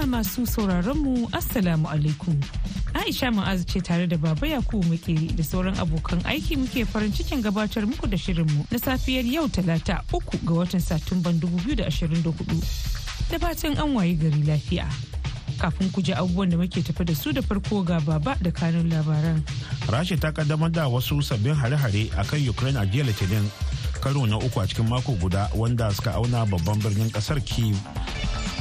jama'a masu sauraronmu assalamu alaikum aisha ma'azu ce tare da baba yakubu muke da sauran abokan aiki muke farin cikin gabatar muku da shirinmu na safiyar yau talata uku ga watan satumban 2024 da fatan an waye gari lafiya kafin ku ji abubuwan da muke tafi da su da farko ga baba da kanun labaran rasha ta kaddamar da wasu sabbin hare-hare akan ukraine a jiya litinin karo na uku a cikin mako guda wanda suka auna babban birnin kasar kiev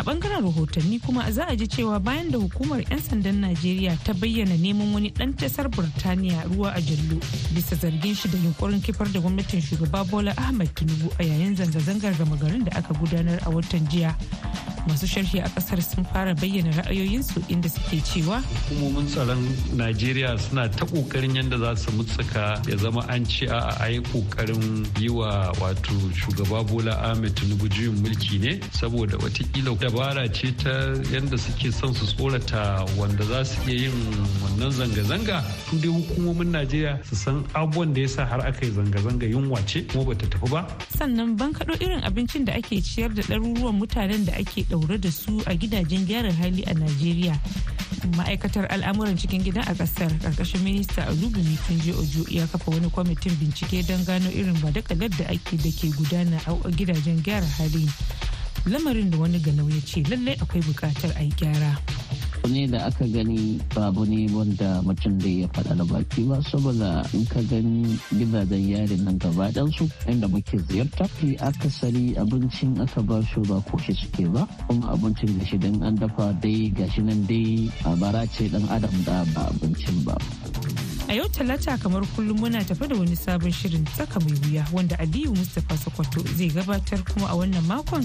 a bangaren rahotanni kuma za a ji cewa bayan da hukumar 'yan sandan najeriya ta bayyana neman wani dan tasar burtaniya ruwa a jallo bisa zargin shi da yunkurin kifar da gwamnatin shugaba bola ahmad tinubu a yayin zanga-zangar gama garin da aka gudanar a watan jiya masu sharhi a kasar sun fara bayyana ra'ayoyinsu inda suke cewa hukumomin tsaron najeriya suna ta kokarin yadda za su mutsuka ya zama an ce a a yi kokarin yi wa wato shugaba bola ahmed tinubu juyin mulki ne saboda watakila dabara ce ta yadda suke son su tsorata wanda za su iya yin wannan zanga-zanga tun dai hukumomin najeriya su san abubuwan da ya sa har aka yi zanga-zanga yunwa ce kuma bata tafi ba sannan ban kaɗo irin abincin da ake ciyar da ɗaruruwan mutanen da ake ɗaure da su a gidajen gyaran hali a najeriya ma'aikatar al'amuran cikin gida a ƙasar karkashin minista alubumi je ojo ya kafa wani kwamitin bincike don gano irin badakalar da ake da ke gudana a gidajen gyara hali lamarin da wani ganau ya ce lallai akwai bukatar a yi gyara ne da aka gani babu ne wanda mutum da ya faɗa da baki ba saboda in ka gani gidajen yari nan gaba ɗansu inda muke ziyarta fi akasari abincin aka ba su ba koshi suke ba kuma abincin da shi dan an dafa dai gashi nan dai a bara ce dan adam da ba abincin ba a yau talata kamar kullum muna tafi da wani sabon shirin saka mai wuya wanda aliyu mustapha sokoto zai gabatar kuma a wannan makon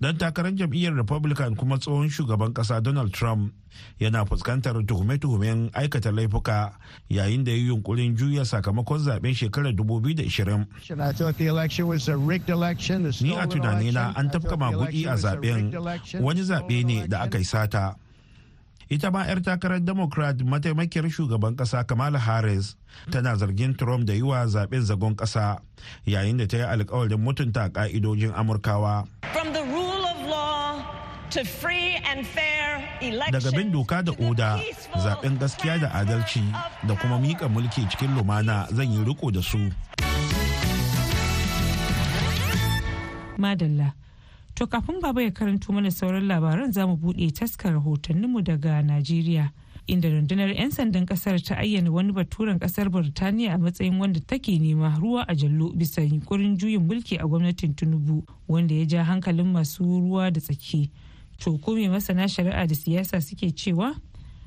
dan takarar jam'iyyar republican kuma tsohon shugaban kasa donald trump yana fuskantar tuhume-tuhumen aikata laifuka yayin da ya yi yunkurin juya sakamakon zaben shekarar 2020 ni a tunanina an tafka magudi a zaben wani zaɓe ne da aka yi sata ita ma 'yar takarar democrat mataimakiyar shugaban kasa kamala harris tana zargin trump da yi wa zaben zagon kasa yayin da ta yi alkawarin mutunta ka'idojin amurkawa daga bin doka da oda zaben gaskiya da adalci da kuma miƙa mulki cikin lumana zan yi riko da su To kafin baba ya karanto mana sauran labaran za mu buɗe rahotannin mu daga Najeriya. Inda rundunar 'yan sandan kasar ta ayyana wani baturen kasar Burtaniya a matsayin wanda take nema ruwa a jallo bisa yunkurin juyin mulki a gwamnatin Tinubu wanda ya ja hankalin masu ruwa da tsaki. To ko me masana shari'a da siyasa suke cewa?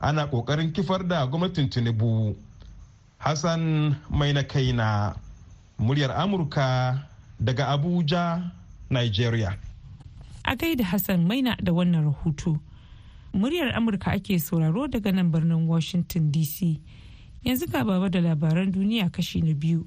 ana kokarin kifar da gwamnatin tinubu hassan mai na kaina muryar amurka daga abuja nigeria a gaida hassan maina da wannan rahoto muryar amurka ake sauraro daga nan birnin washington dc yanzu ga baba da labaran duniya kashi na biyu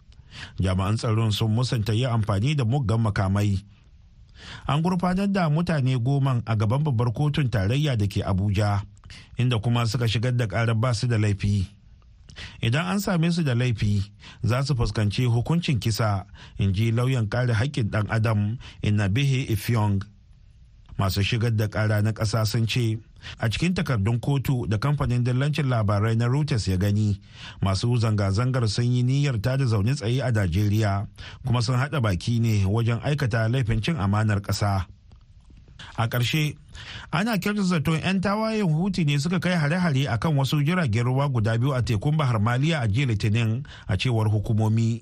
jami'an tsaron sun musanta yi amfani da muggan makamai an gurfanar da mutane goman a gaban babbar kotun tarayya da ke abuja inda kuma suka shigar da karar ba su da laifi idan an same su da laifi za su fuskanci hukuncin kisa in ji lauyan kare haƙƙin ɗan adam inna bihe ifyong masu shigar da ƙara na ƙasa sun ce a cikin takardun kotu da kamfanin dillancin labarai na reuters ya gani masu zanga-zangar sun yi niyyar ta da zaune tsaye a najeriya kuma sun haɗa baki ne wajen aikata laifin cin amanar ƙasa a ƙarshe ana kyautar zaton 'yan tawayen huti ne suka kai hare-hare a kan wasu jiragen ruwa guda biyu a tekun bahar maliya a jiya litinin a cewar hukumomi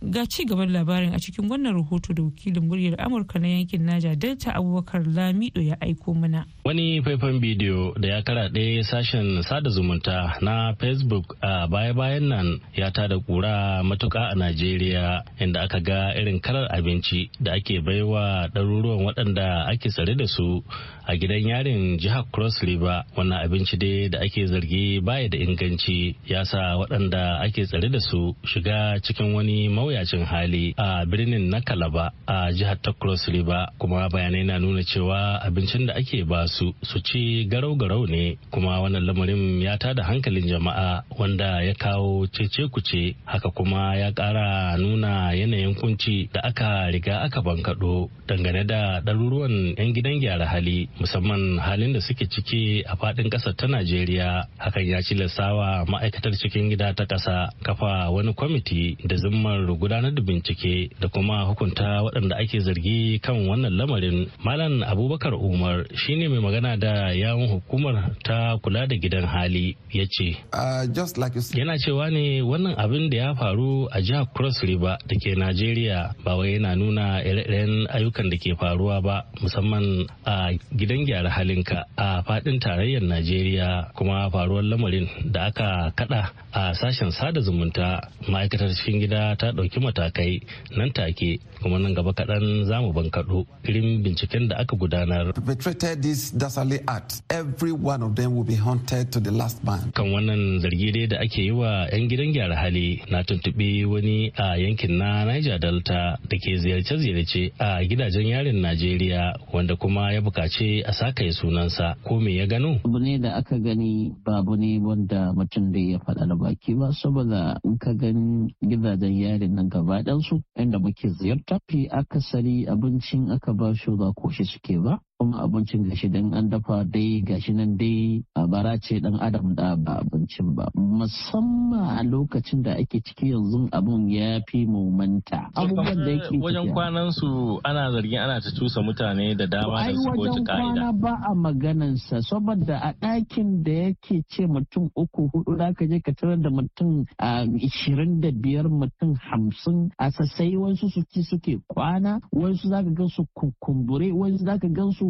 ga ci gaban labarin a cikin wannan rahoto da wakilin muryar amurka na yankin naja delta abubakar lamido ya aiko mana wani faifan bidiyo da ya kara karaɗe sashen sada zumunta na facebook a baya-bayan nan ya tada kura matuka a najeriya inda aka ga irin kalar abinci da ake baiwa ɗaruruwan waɗanda ake tsare da su a gidan yarin jihar cross river wannan abinci dai da ake zargi baya da inganci ya sa waɗanda ake tsare da su shiga cikin wani mawuyacin hali a birnin na kalaba a jihar ta cross river kuma bayanai na nuna cewa abincin da ake ba su su ci garau-garau ne kuma wannan lamarin ya ta da hankalin jama'a wanda ya kawo cece kuce haka kuma ya ƙara nuna yanayin kunci da aka riga aka bankaɗo dangane da ɗaruruwan 'yan gidan gyara hali musamman halin da suke ciki a fadin kasar ta najeriya hakan ya ci lasawa ma'aikatar cikin gida ta kasa kafa wani kwamiti da zimmar gudanar da bincike da kuma hukunta waɗanda ake zargi kan wannan lamarin malam abubakar umar shine mai magana da yawun hukumar ta kula da gidan hali ya ce uh, yana cewa ne wannan abin da ya faru a jihar cross river da ke najeriya ba wai yana nuna ire-iren ayyukan da ke faruwa ba musamman a gidan gidan gyara halinka a fadin tarayyar najeriya kuma faruwar lamarin da aka kada a sashen sada zumunta ma'aikatar cikin gida ta ɗauki matakai nan take kuma nan gaba kaɗan za mu bankaɗo irin binciken da aka gudanar kan wannan zargi dai da ake yi wa 'yan gidan gyara hali na tuntuɓi wani a yankin na niger delta da ke ziyarce-ziyarce a gidajen yarin najeriya wanda kuma ya bukaci sai a saka ya sunansa ko me ya gano? Abu ne da aka gani ba abu ne wanda mutum da ya faɗa da baki ba saboda in ka gani gidajen yarin nan gaba ɗansu inda muke ziyarta fi akasari abincin aka ba shi ba shi suke ba kuma abincin gashi dan an dafa dai gashi nan dai a bara ce dan adam da ba abincin ba musamman a lokacin da ake ciki yanzu abun ya fi mumanta abubuwan da yake wajen kwanan su ana zargin ana ta tusa mutane da dama da su ko ta ka'ida ba a maganan sa saboda a ɗakin da yake ce mutum uku hudu da ka je ka tarar da mutum ishirin da biyar mutum hamsin a sassai wasu su ci suke kwana wasu zaka gan su kumbure wasu zaka gan su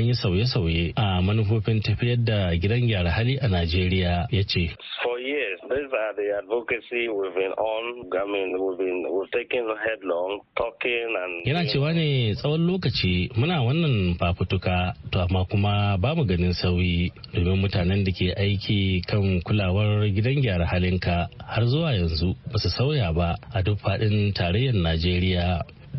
an yi sauye-sauye a manufofin tafiyar da gidan gyara hali a Najeriya ya ce. These are the advocacy we've been on. I mean, we've been we've taken headlong talking and. Yana cewa ne tsawon lokaci muna wannan fafutuka to amma kuma ba mu ganin sauyi domin mutanen da ke aiki kan kulawar gidan gyara halinka har zuwa yanzu ba su sauya ba a duk faɗin tarayyar Najeriya.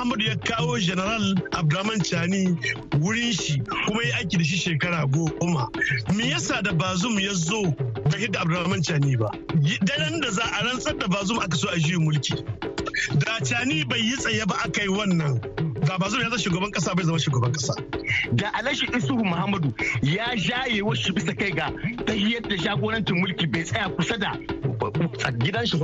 Muhammadu ya kawo General Abdulrahman Chani wurin shi kuma ya aiki da shi shekara goma. Me yasa da Bazum ya zo ba hidda Abdulrahman Chani ba? Daren da za a rantsar da Bazum aka so a juyin mulki. Da Chani bai yi tsaye ba aka yi wannan. Da Bazum ya zama shugaban kasa bai zama shugaban kasa. Da Alhaji Isuhu Muhammadu ya jaye wasu bisa kai ga ta da jagorancin mulki bai tsaya kusa da a gidan shi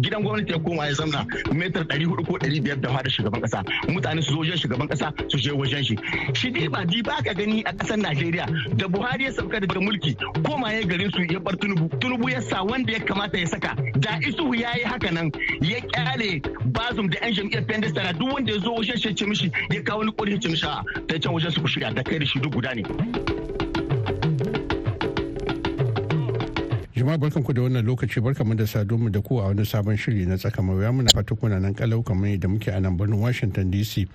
gidan gwamnati ya koma ya zamna metar ɗari hudu ko ɗari biyar da fara shugaban kasa mutane su zo wajen shugaban kasa su je wajen shi shi dai ba di ba ka gani a ƙasar najeriya da buhari ya sauka daga mulki koma ya garin su ya bar tunubu tunubu ya sa wanda ya kamata ya saka da isu ya yi haka nan ya kyale bazum da yan jam'iyyar pendestara duk wanda ya zo wajen shi ya ce mishi ya kawo wani ƙorin ya ce mishi a ta can wajen su ku shirya da kai da shi duk guda ne. Jama'a barkan ku da wannan lokaci barka mu da sadu mu da ku a wani sabon shiri na tsaka mawuya muna fata kuna nan kalau kamar da muke a nan birnin Washington DC.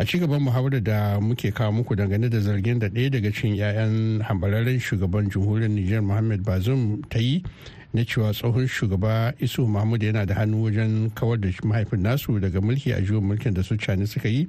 A ci gaban muhawarar da muke kawo muku dangane da zargin da ɗaya daga cikin 'ya'yan hambararren shugaban jamhuriyar Nijar Muhammad Bazoum ta yi na cewa tsohon shugaba Isu Mahmud yana da hannu wajen kawar da mahaifin nasu daga mulki a juyin mulkin da su cani suka yi.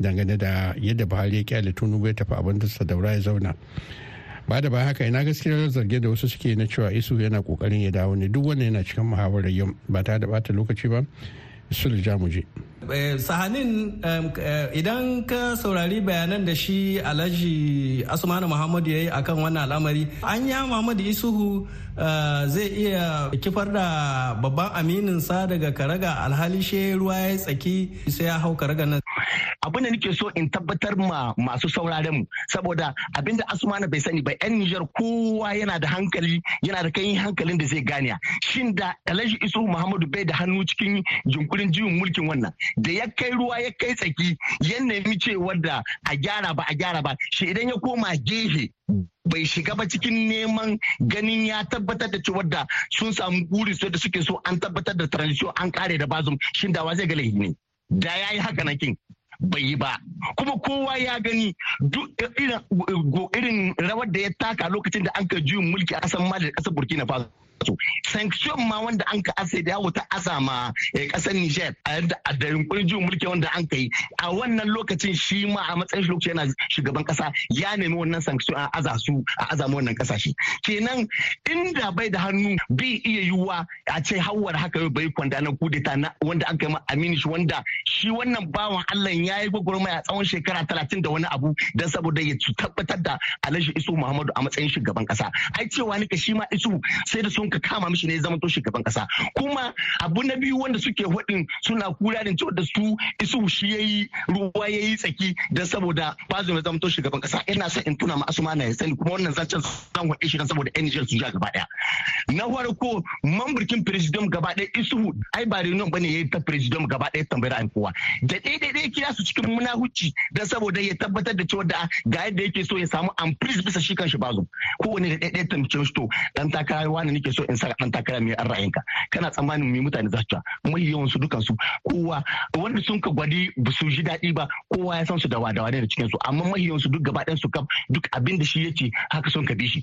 dangane da yadda buhari ya kyale tunubu ya tafi abin da daura ya zauna ba da ba haka ina gaskiyar zarge da wasu suke na cewa isu yana kokarin ya dawo ne duk wanda yana cikin muhawarar yau ba ta da bata lokaci ba da jamuje eh, sahanin eh, idan ka saurari bayanan da shi alhaji asmanu muhammadu ya yi a kan wannan al'amari an ya muhammadu isuhu eh, zai iya kifar da babban aminin sa daga karaga alhali shi ruwa ya tsaki sai ya hau karaga nan abin da nake so in tabbatar ma masu sauraren saboda abinda asmana bai sani ba yan Nijar kowa yana da hankali yana da kai hankalin da zai gane shin da Alhaji Isu Muhammadu bai da hannu cikin jinkurin jiwon mulkin wannan da ya kai ruwa ya kai tsaki ya nemi cewar da a gyara ba a gyara ba shi idan ya koma gehe bai shiga ba cikin neman ganin ya tabbatar da cewa da sun samu guri so da suke so an tabbatar da transition an kare da bazum shin da dawa zai ga laifi ne da ya yi haka kin. bai yi ba kuma kowa ya gani duk irin rawar da ya taka lokacin da an ka juyin mulki a san mali da ƙasar burkina faso sanction ma wanda an ka ase da wata ta asa ma kasar eh, Niger a yadda a da mulki wanda an kai a wannan lokacin shi ma a matsayin shi lokaci yana shugaban kasa ya nemi wannan sanction a aza a aza wannan kasashe kenan inda bai da hannu bi iya yiwuwa a ce hawar haka yau bai kwanda na kudeta na wanda an kai ma Aminu shi wanda shi wannan bawan Allah ya yi gwagwarmaya tsawon shekara talatin da wani abu don saboda ya tabbatar da Alhaji Isu Muhammadu a matsayin shugaban kasa ai cewa nika shi ma Isu sai da sun sun ka kama mishi ne zama to shugaban kasa kuma abu na biyu wanda suke hudin suna kura da cewa da su isu shi yayi ruwa yayi tsaki da saboda bazu ya zama to shugaban kasa ina son in tuna ma asuma na sani kuma wannan zancen zan hudin shi saboda NGL su ja gaba daya na farko mamburkin president gaba daya isu ai ba reunion bane yayi ta president gaba daya tambayar an kowa da daidai dai kira su cikin munahuci da saboda ya tabbatar da cewa da ga yadda yake so ya samu amprise bisa shi kanshi bazo kowane da daidai tantance shi to dan takarawa ne nake so in sa an takara mai an ra'ayinka kana tsammanin mai mutane za su ta mai yawan su dukan kowa wanda sun ka gwadi ba su ji daɗi ba kowa ya san su da wada ne da cikin su amma mai yawan su duk gaba ɗayan su kam duk abin da shi yake haka sun ka bi shi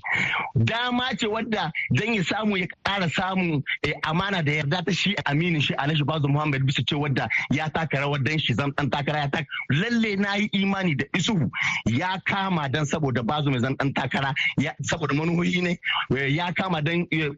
dama ce wadda zan ya samu ya ƙara samu eh, amana da yarda ta shi aminin shi Alhaji Bazu Muhammad bisa ce wadda ya taka rawar dan shi zan dan takara ya taka lalle na yi imani da isuhu ya kama dan saboda Bazu mai zan dan takara saboda manuhoyi ne eh, ya kama dan eh,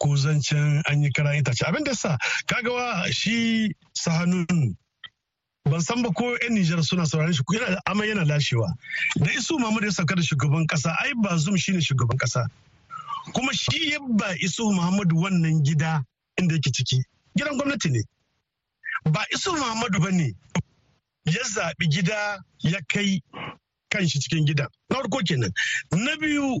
ko an yi karan itace abin da sa yasa kagawa shi sahanun ban san ba ko yan Nijar suna sauraron shi yana amma yana lashewa da isu Muhammadu ya sauka da shugaban kasa ai ba zum shine shugaban kasa kuma shi ya ba isu Muhammadu wannan gida inda yake ciki gidan gwamnati ne ba isu Muhammadu ba ne ya zaɓi gida ya kai kan shi cikin gida na farko kenan na biyu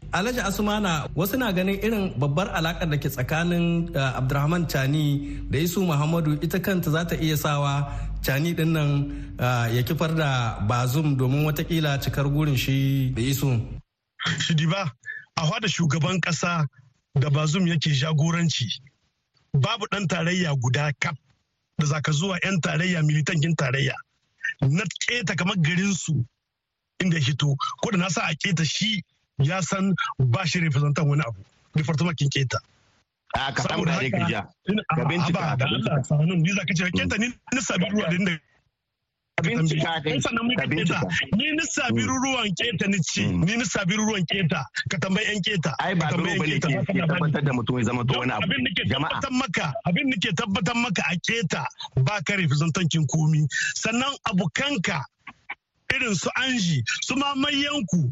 Alhaji Asumana wasu na ganin irin babbar alakar da ke tsakanin eh, Abdurrahman Chani da Isu Muhammadu ita kanta za ta iya sawa Chani din nan eh, ya kifar da Bazum domin watakila cikar gurin shi da Isu. Shidi a hada shugaban kasa da Bazum yake jagoranci babu ɗan tarayya guda kaf da zaka zuwa 'yan tarayya militankin tarayya na keta kamar garinsu inda ya hito ko da na sa a keta shi ya san ba shi representan wani abu department kin keta a ah, ka samu da ka ja ah, ka bincika da Allah sanun ni zaka ce keta ni ni sabi ruwa din da bincika keta ni ni sabi mm. ruwan keta ni ci mm. ni ni sabi ruwan keta ka tambayi yan keta ai ba ruwa bane ke tabbatar da mutum ya zama to wani abu abin nake tabbatar maka abin nake tabbatar maka a keta ba ka representan kin komi sannan abukanka irin su anji su mamayyanku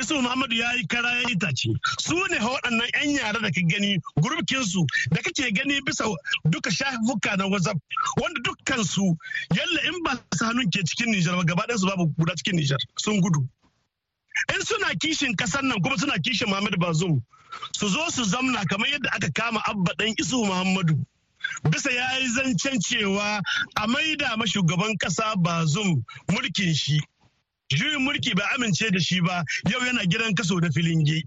isu muhammadu ya yi kara ya itace su ne waɗannan yan yara da ka gani gurbikinsu da kake gani bisa duka shafuka na whatsapp wanda dukkansu yalla in ba su hannun ke cikin nijar ba gaba su babu guda cikin nijar sun gudu in suna kishin kasar nan kuma suna kishin muhammadu bazum su zo su zamna kamar yadda aka kama abba dan isu muhammadu bisa ya yi zancen cewa a maida mashugaban kasa bazum mulkin shi juyin mulki bai amince da shi ba yau yana gidan kaso da filingi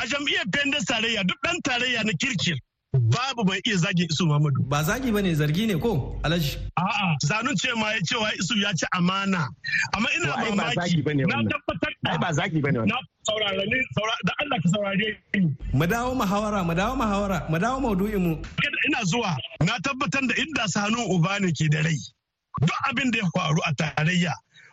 a jam'iyyar pendas tarayya duk dan tarayya na kirkir babu bai iya zagin isu Muhammadu. Ba zagi ba ne zargi ne ko alaji. A'a zanun ce ma ya ce wa isu ya ci amana. Amma ina mamaki na tabbatar da. Ai ba zagi ba ne wannan. Na saurare ni da Allah ka saurare ni. Mu dawo muhawara mu dawo muhawara mu dawo maudu'in mu. Ina zuwa na tabbatar da inda sanu uba ne ke da rai. Duk abin da ya faru a tarayya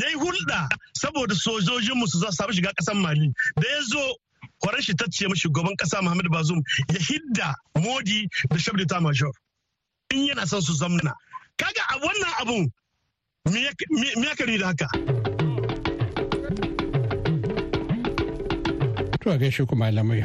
ya yi hulɗa saboda sojojinmu su za su shiga ƙasar mali da ya zo kwaran shi ce mashi shugaban ƙasa muhammadu bazum ya hidda modi da shabda ta major in yana son su zamna kaga a wannan abun me ya kari da haka to gaishe kuma malamai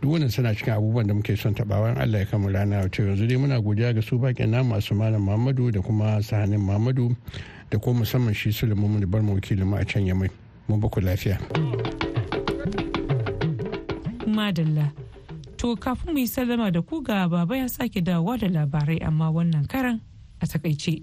duk wannan suna cikin abubuwan da muke son tabawan allah ya kama rana wato yanzu dai muna godiya ga su baƙin na masu malam muhammadu da kuma sahanin muhammadu da kuma musamman shi sulaiman da bar mu a can yamai mun baku lafiya madalla to kafin mu yi sallama da ku ga baba ya sake dawowa da labarai amma wannan karan a takaice.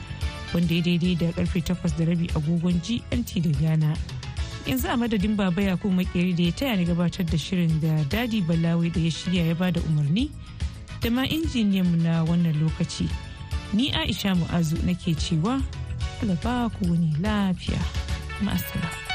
wanda ya daidai da karfe takwas da rabi agogon gmt da ghana yanzu a madadin baba ya kuma makeri da ya taya ni gabatar da shirin da dadi balawi da ya shirya ya bada umarni da ma injiniyan mu na wannan lokaci ni aisha mu'azu nake cewa alaba ku wani lafiya ma'asala